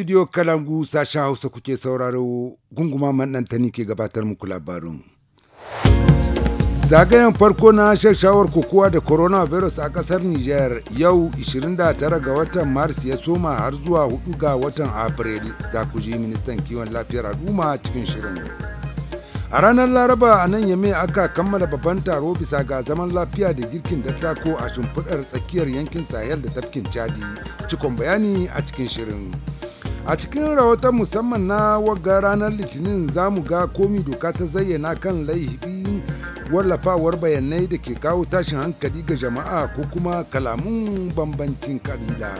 Studio Kalangu sashen Hausa kuke sauraro gunguma maɗantani ke gabatar muku labarin. Zagayen farko na shawar kokowa da coronavirus a ƙasar Nijar yau 29 ga watan Mars ya soma har zuwa 4 ga watan Afrilu za ku ji ministan kiwon lafiyar al'umma cikin shirin. A ranar Laraba a nan Yame aka kammala babban taro bisa ga zaman lafiya da girkin dattako a shimfiɗar tsakiyar yankin Sahel da tafkin Chadi. Cikon bayani a cikin shirin. A cikin rahoton musamman na wagga ranar Litinin za mu ga komi doka ta zayyana kan laifi wallafawar bayanai da ke kawo tashin hankali ga jama'a ko kuma kalamun bambancin kabila.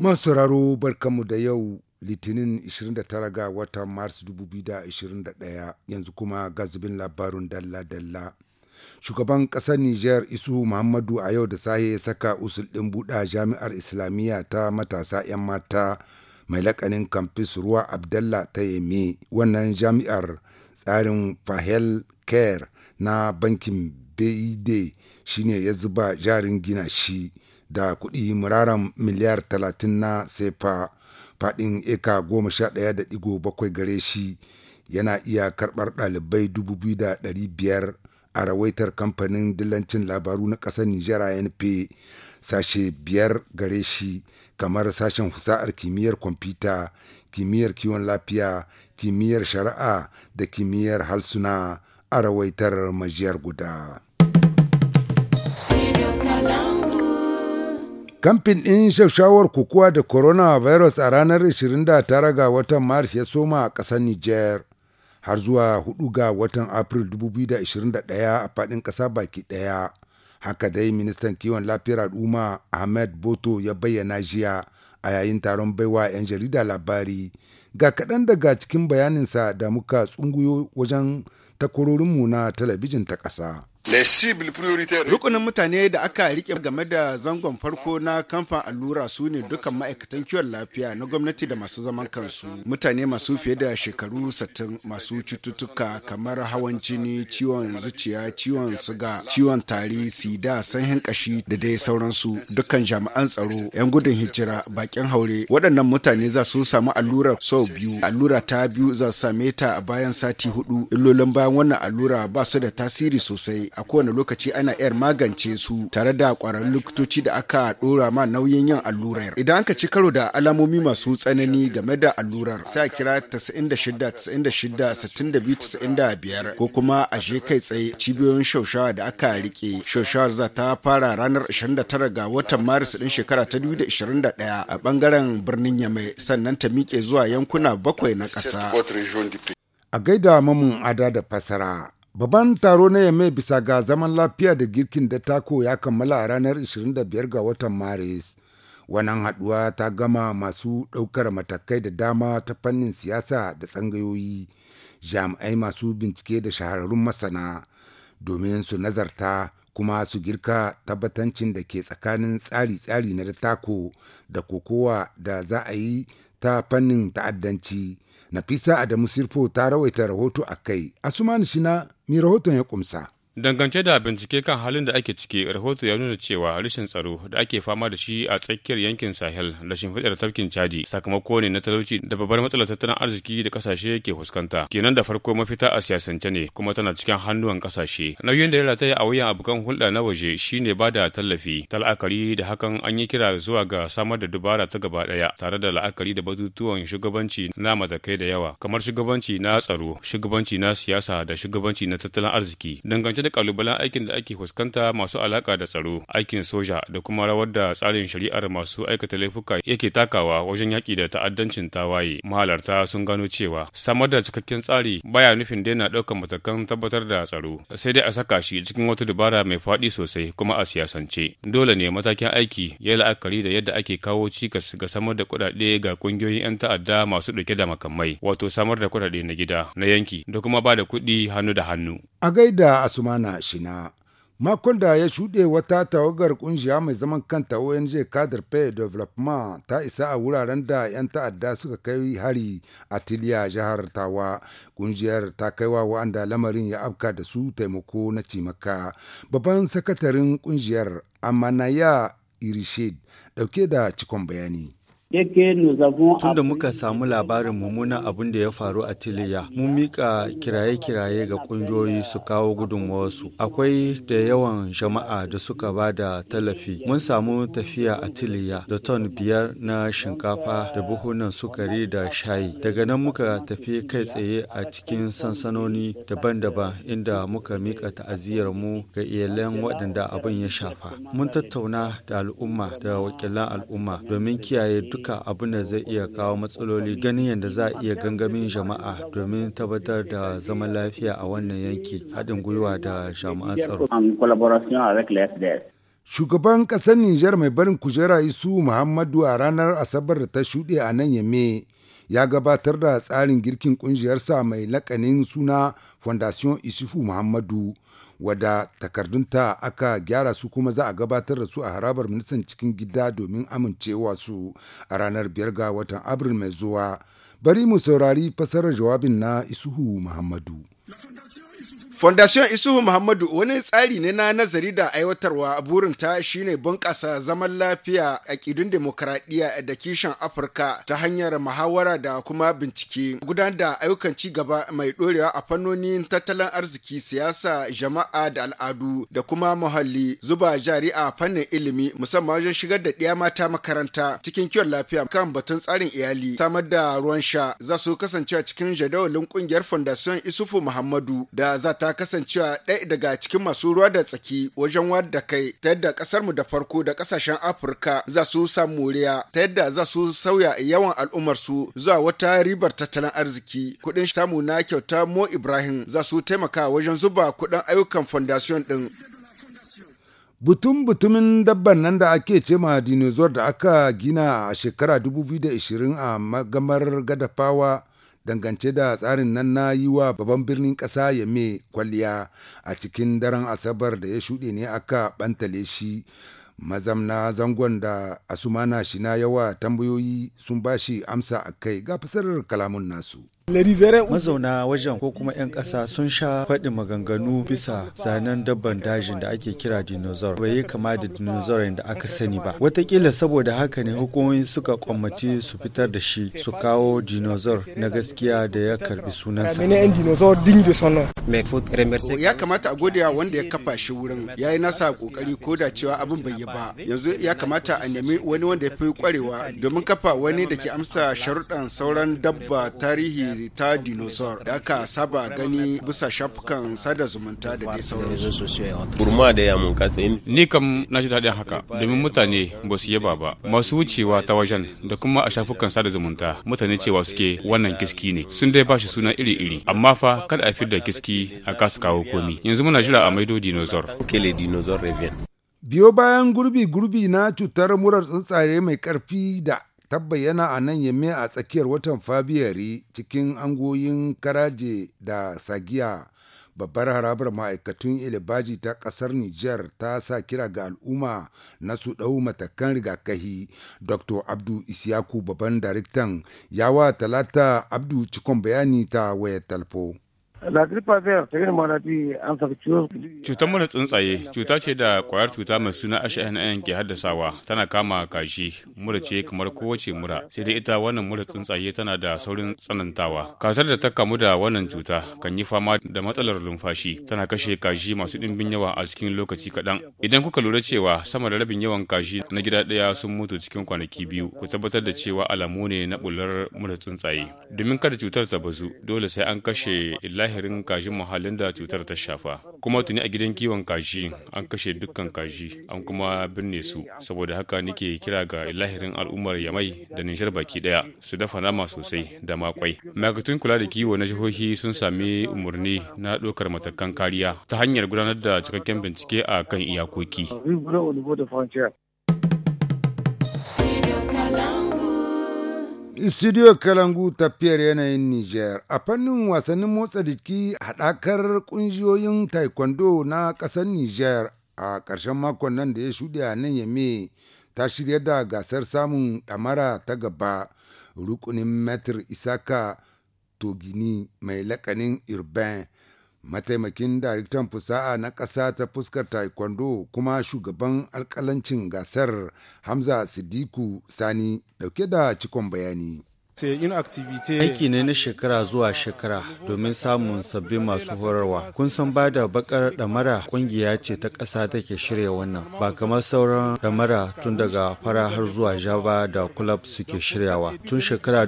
Masu raro barkamu da yau Litinin 29 ga watan Mars 2021 yanzu kuma gazubin labarun dalla-dalla. shugaban ƙasar nijar isu muhammadu a yau da sahe ya saka usul ɗin buɗa jami'ar islamiyya ta matasa 'yan mata mai laƙanin kamfis ruwa abdallah ta yemi wannan jami'ar tsarin fahel care na bankin Beide shine ya zuba jarin gina shi da kuɗi muraran miliyar talatin na sefa faɗin eka goma sha ɗaya da bakwai gare shi yana iya karɓar ɗalibai ɗari biyar. a rawaitar kamfanin dillancin labaru na ƙasar Nijar ANP sashe biyar gare shi kamar sashen husa'ar kimiyyar kwamfuta, kimiyyar kiwon lafiya, kimiyyar shari'a da kimiyyar halsuna a rawaitar majiyar guda. Kamfin ɗin shawar kukuwa da coronavirus a ranar 29 ga watan Maris ya soma a ƙasar Nijar. har zuwa 4 ga watan Afril 2021 a faɗin ƙasa baki ɗaya. Haka dai ministan kiwon lafiyar al'umma Ahmed Boto ya bayyana jiya a yayin taron baiwa 'yan jarida labari. Ga kaɗan daga cikin bayaninsa da muka tsunguyo wajen takwarorinmu na talabijin ta ƙasa. Rukunin mutane da aka rike game da zangon farko na kamfan allura su ne dukkan ma'aikatan kiwon lafiya na gwamnati da masu zaman kansu. Mutane masu fiye da shekaru satin masu cututtuka kamar hawan jini, ciwon zuciya, ciwon suga, ciwon tari, sida, sanhin kashi da dai sauransu. Dukkan jami'an tsaro, 'yan gudun hijira, bakin haure, waɗannan mutane za su samu allurar sau biyu. Allura ta biyu za su same ta a bayan sati hudu. Illolin bayan wannan allura ba su da tasiri sosai. a kowane lokaci ana yar magance su tare da kwararrun likitoci da aka ɗora ma nauyin yin allurar idan aka ci karo da alamomi masu tsanani game da allurar sai a kira 96-96-62-95 ko kuma a je kai tsaye cibiyoyin shaushawa da aka rike shaushawar za ta fara ranar 29 ga watan maris ɗin shekara ta 2021 a bangaren birnin yamai sannan ta miƙe zuwa yankuna bakwai na ƙasa a gaida mamun ada da fasara Babban taro na Yame bisa ga zaman lafiya da girkin da tako ya kammala a ranar 25 ga watan Maris. Wannan haɗuwa ta gama masu ɗaukar matakai da dama ta fannin siyasa da tsangayoyi, jami'ai masu bincike da shahararrun masana domin su nazarta kuma su girka tabbatancin da ke tsakanin tsari-tsari na da tako da kokowa da za a yi ta fannin ta'addanci. Nafisa Adamu Sirfo ta rawaita rahoto a kai, Asumani Shina, mai rahoton ya kumsa. Dangance da bincike kan halin da ake ciki, rahoto ya nuna cewa rashin tsaro da ake fama da shi a tsakiyar yankin Sahel da shimfiɗar tafkin Chadi sakamako ne na talauci da babbar matsalar tattalin arziki da kasashe ke fuskanta. Kenan da farko mafita a siyasance ne kuma tana cikin hannuwan kasashe. Nauyin da ya rataya a wuyan abokan hulɗa na waje shine ba da tallafi, la'akari da hakan an yi kira zuwa ga samar da dubara ta gaba ɗaya tare da la'akari da batutuwan shugabanci na matakai da yawa kamar shugabanci na tsaro, shugabanci na siyasa da shugabanci na tattalin arziki. Dangance da kalubalen aikin da ake fuskanta masu alaka da tsaro aikin soja da kuma rawar da tsarin shari'ar masu aikata laifuka yake takawa wajen yaƙi da ta'addancin tawaye mahalarta sun gano cewa samar da cikakken tsari baya nufin daina ɗaukar matakan tabbatar da tsaro sai dai a saka shi cikin wata dabara mai faɗi sosai kuma a siyasance dole ne matakin aiki ya la'akari da yadda ake kawo cikas ga samar da kuɗaɗe ga ƙungiyoyin 'yan ta'adda masu ɗauke da makamai wato samar da kuɗaɗe na gida na yanki da kuma ba da kuɗi hannu da hannu a gaida asuma Asmana Shina. Makon da ya shuɗe wata tawagar ƙungiya mai zaman kanta ONG kadar Pay Development ta isa a wuraren da 'yan ta'adda suka kai hari a Tiliya jihar Tawa. Ƙungiyar ta kai wa wa'anda lamarin ya afka da su taimako na cimaka. Babban sakatarin ƙungiyar Amanaya Irishid ɗauke da cikon bayani. Tun da muka samu labarin mummunan abin da ya faru a Tiliya, mun mika kiraye-kiraye ga kungiyoyi su kawo gudunmawarsu. Akwai da yawan jama'a da suka ba da tallafi. Mun samu tafiya a Tiliya da ton biyar na shinkafa da buhunan sukari da shayi. Daga nan muka tafi kai tsaye a cikin sansanoni daban-daban inda muka mika ta'aziyar mu ga iyalan waɗanda abin ya shafa. Mun tattauna da al'umma da wakilan al'umma domin kiyaye duka abin da zai iya kawo matsaloli ganin yadda za a iya gangamin jama'a domin tabbatar da zaman lafiya a wannan yanki haɗin gwiwa da jami'an tsaro. Shugaban ƙasar Nijar mai barin kujera Isu Muhammadu a ranar Asabar da ta shuɗe a nan Yame ya gabatar da tsarin girkin ƙungiyarsa mai lakanin suna Fondation Isufu Muhammadu. wadda takardunta aka gyara su kuma za a gabatar da su a harabar ministan cikin gida domin amincewa su a ranar biyar ga watan abril mai zuwa bari mu saurari fasarar jawabin na isuhu muhammadu Fondation Isuhu Muhammadu wani tsari ne na nazari da aiwatarwa burinta shine bunƙasa zaman lafiya a ƙidun demokuraɗiyya da kishin Afirka ta hanyar muhawara da kuma bincike. Gudanar da ayyukan ci gaba mai ɗorewa a fannonin tattalin arziki, siyasa, jama'a da al'adu da kuma muhalli, zuba jari a fannin ilimi musamman wajen shigar da ɗiya mata makaranta cikin kiwon lafiya kan batun tsarin iyali, samar da ruwan sha za su kasance a cikin jadawalin ƙungiyar Fondation Isufu Muhammadu da za ta kasancewa ɗaya daga cikin masu ruwa da tsaki wajen wadda kai ta yadda ƙasarmu da farko da ƙasashen Afirka za su samu moriya ta yadda za su sauya yawan al'ummarsu zuwa wata ribar tattalin arziki. Kuɗin samu na kyauta Mo Ibrahim za su taimaka wajen zuba kuɗin ayyukan fondasiyon ɗin. Butun-butumin dabban nan da ake ce ma dinozor da aka gina a shekara 2020 a magamar gadafawa dangance da tsarin nan na yi wa babban birnin ƙasa ya me kwalliya a cikin daren asabar da ya shuɗe ne aka bantale shi mazamna zangon da asumana shi na yawa tambayoyi sun ba shi amsa a kai ga fasarar kalamun nasu. Mazauna wajen ko kuma 'yan ƙasa sun sha faɗin maganganu bisa zanen dabban dajin da ake kira dinosaur bai yi kama da dinosaur da aka sani ba. Watakila saboda haka ne hukumomi suka kwammaci su fitar da shi su kawo dinosaur na gaskiya da ya karbi sunansa. Ya kamata a godewa wanda ya kafa shi wurin ya yi nasa kokari ko da cewa abin bai yi ba. Yanzu ya kamata a nemi wani wanda ya fi kwarewa domin kafa wani da ke amsa sharuɗan sauran dabba tarihi ta dinosaur da aka saba gani bisa shafukan sada zumunta da dai sauransu. Ni kam na ji daɗin haka domin mutane ba su yaba ba masu wucewa ta wajen da kuma a shafukan sada zumunta mutane cewa suke wannan kiski ne sun dai bashi suna iri-iri amma fa kada a da kiski a kasa kawo komi yanzu muna jira a maido dinosaur. Biyo bayan gurbi-gurbi na cutar murar tsuntsaye mai karfi da ta bayyana a nan yamme a tsakiyar watan fabiyari cikin angoyin karaje da sagiya babbar harabar ma'aikatun ilibaji ta kasar niger ta sa kira ga al'umma na su ɗau matakan rigakahi dr abdu isiyaku babban daraktan yawa talata abdu cikon bayani ta wayar talfo. Cutar mura tsuntsaye cuta ce da kwayar cuta mai suna HNN ke haddasawa tana kama kashi mura ce kamar kowace mura sai dai ita wannan mura tsuntsaye tana da saurin tsanantawa. Kasar da ta kamu da wannan cuta kan yi fama da matsalar numfashi tana kashe kashi masu ɗimbin yawa a cikin lokaci kaɗan. Idan kuka lura cewa sama da rabin yawan kashi na gida ɗaya sun mutu cikin kwanaki biyu ku tabbatar da cewa alamu ne na bular mura tsuntsaye. Domin kada cutar ta bazu dole sai an kashe illa lahirin kajin muhallin da cutar ta shafa kuma tuni a gidan kiwon kaji an kashe dukkan kaji an kuma binne su saboda haka nake kira ga lahirin al'ummar yamai da nishar baki daya su dafa nama sosai da makwai ma'aikatun kula da kiwo na jihohi sun sami umarni na ɗaukar matakan kariya ta hanyar gudanar da cikakken bincike a kan iyakoki Studio Kalangu tafiyar yanayin niger a fannin wasannin motsa jiki haɗakar ƙungiyoyin taekwondo na ƙasar niger a ƙarshen makon nan da ya shuɗe a nan yame ta shirya da gasar samun ɗamara ta gaba rukunin metr isaka togini mai lakanin urbain mataimakin daraktan fusa'a na ƙasa ta fuskar taekwondo kuma shugaban alƙalancin gasar hamza sidiku sani dauke da cikon bayani Aiki ne na shekara zuwa shekara domin samun sabbin masu horarwa. Kun san ba da bakar damara kungiya ce ta ƙasa take shirya wannan ba kamar sauran damara tun daga fara har zuwa jaba da kulab suke shiryawa. Tun shekara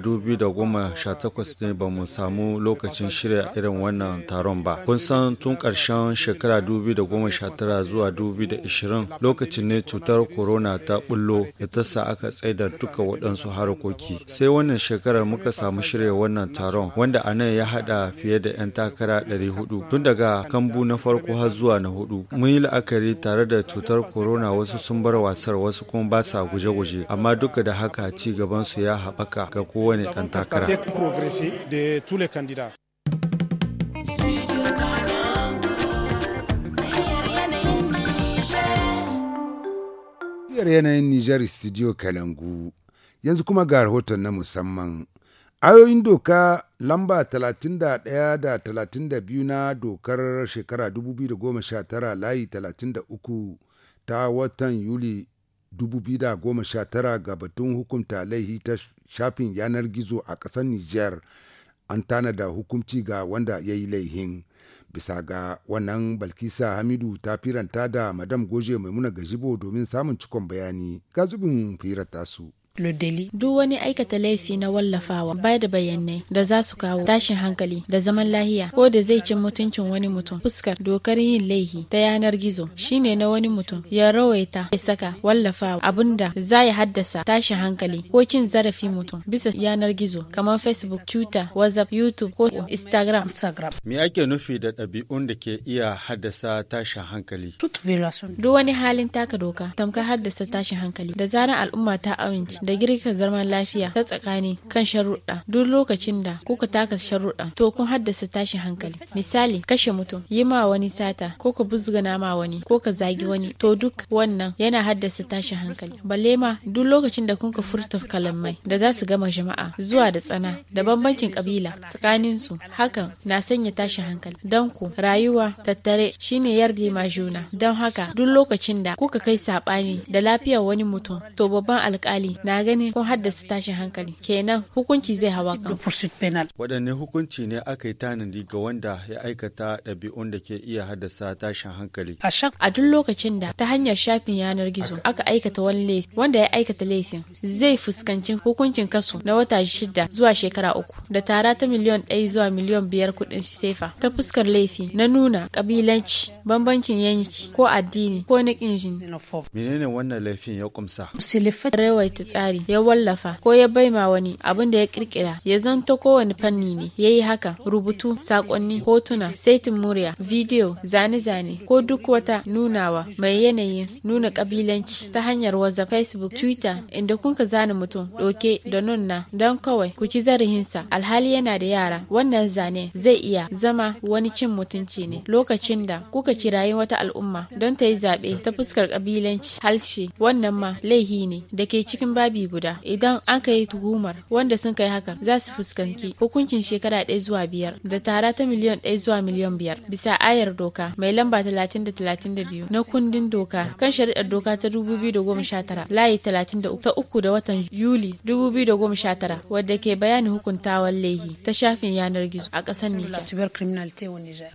takwas ne ba mu samu lokacin shirya irin wannan taron ba. Kun san tun ƙarshen shekara tara zuwa ishirin lokacin ne cutar corona ta bullo da ta sa aka tsaida duka waɗansu harkoki. Sai wannan shekara shekarar muka samu shirya wannan taron wanda a nan ya haɗa fiye da 'yan takara 400 tun daga kambu na farko har zuwa na hudu. Mun yi la'akari tare da cutar corona wasu sun bar wasar wasu kuma ba sa guje-guje amma duka da haka ci gaban su ya haɓaka ga kowane ɗan takara. Yanayin Nijar Studio Kalangu yanzu kuma ga rahoton na musamman ayoyin doka lamba 31 da 32 na dokar shekara 2019 layi 33 ta watan yuli 2019 ga batun hukunta laihi ta shafin yanar gizo a ƙasar niger an tanada hukunci ga wanda ya yi laihin bisa ga wannan balkisa hamidu ta firanta da madam goje maimuna gajibo domin samun cikon bayani ga zubin firar tasu le duk wani aikata laifi na wallafawa ba da bayanai da za su kawo tashin hankali da zaman lahiya ko da zai ci mutuncin wani mutum fuskar dokar yin laifi. ta yanar gizo shine na wani mutum ya rawaita ya saka wallafawa abinda za ya haddasa tashin hankali ko cin zarafi mutum bisa yanar gizo kamar facebook twitter whatsapp youtube ko instagram me ake nufi da ɗabi'un da ke iya haddasa tashin hankali duk wani halin taka doka tamkar haddasa tashin hankali da zaran al'umma ta amince da girka zaman lafiya ta tsakani kan sharuɗa duk lokacin da kuka taka sharuɗa to kun haddasa tashi hankali misali kashe mutum yi ma wani sata ko ka buzgana ma wani ko ka zagi wani to duk wannan yana haddasa tashi hankali balle ma duk lokacin da kun ka furta kalamai da za su gama jama'a zuwa da tsana da bambancin kabila tsakanin su hakan na sanya tashi hankali don ku rayuwa tattare shine yarda ma juna don haka duk lokacin da kuka kai saɓani da lafiyar wani mutum to babban alkali na gani ko haddasa tashin hankali kenan hukunci zai hawa kan waɗanne hukunci ne aka yi tanadi ga wanda ya aikata ɗabi'un da ke iya haddasa tashin hankali a duk lokacin da ta hanyar shafin yanar gizo aka aikata wani wanda ya aikata laifin zai fuskanci hukuncin kaso na wata shida zuwa shekara uku da tara ta miliyon ɗaya zuwa miliyon biyar kuɗin sefa ta fuskar laifi na nuna kabilanci bambancin yanki ko addini ko na ƙin menene wannan laifin ya kumsa rawaita tsari ya wallafa ko ya baima wani abin da ya kirkira ya zanto kowane fanni ne ya yi haka rubutu sakonni hotuna saitin murya bidiyo zane-zane ko duk wata nunawa mai yanayin nuna kabilanci ta hanyar waza facebook twitter inda kun ka zane mutum doke da nunna don kawai ku ci zarihinsa alhali yana da yara wannan zane zai iya zama wani cin mutunci ne lokacin da kuka kirayi wata al'umma don ta yi zaɓe ta fuskar kabilanci halshe wannan ma laihi ne da ke cikin ba babi guda idan aka yi tuhumar wanda sun kai hakan za su fuskanci hukuncin shekara ɗaya zuwa biyar da tara ta miliyan ɗaya zuwa miliyon biyar bisa ayar doka mai lamba talatin da talatin da biyu na kundin doka kan shari'ar doka ta dubu biyu da goma sha tara layi talatin da ta uku da watan yuli dubu biyu da goma sha tara wadda ke bayani hukuntawan laifi ta shafin yanar gizo a ƙasar Nijar.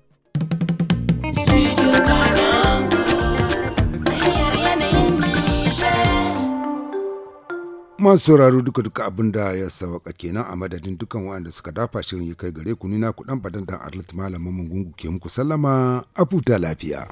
masu sauraro duka duka abin da ya sawaka kenan a madadin dukan waɗanda suka dafa shirin ya kai gare ku nuna kuɗan badan dan arlit malamin gungu ke muku sallama a lafiya.